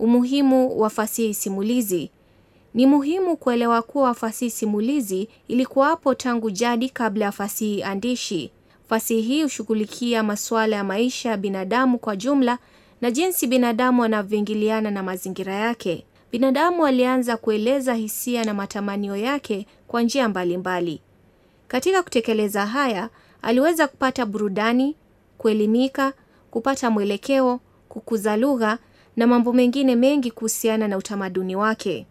Umuhimu wa fasihi simulizi. Ni muhimu kuelewa kuwa fasihi simulizi ilikuwapo tangu jadi kabla ya fasihi andishi. Fasihi hii hushughulikia masuala ya maisha ya binadamu kwa jumla na jinsi binadamu anavyoingiliana na mazingira yake. Binadamu alianza kueleza hisia na matamanio yake kwa njia mbalimbali. Katika kutekeleza haya, aliweza kupata burudani, kuelimika, kupata mwelekeo, kukuza lugha na mambo mengine mengi kuhusiana na utamaduni wake.